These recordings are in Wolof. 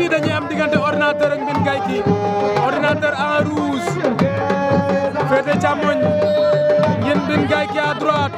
fii dañuy am diggante ordinateur ak Mbine Gay ki ordinateur en rouge féete càmmoñ ngeen Mbine Gay ki à droite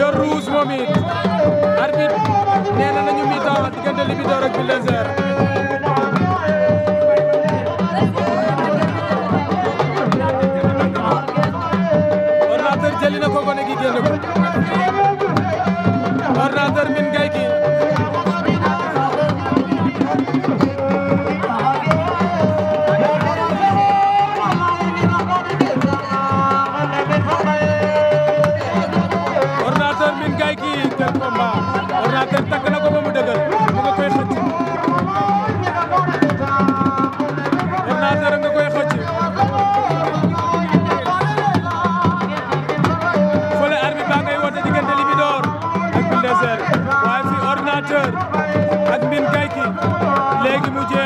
yor rouge moom it arbitre nee na nañu mi-temps diggante Libidor ak Bulldozer ordinateur jëli na ko gone gi génn ko ordinateur Mbine ki di mujjee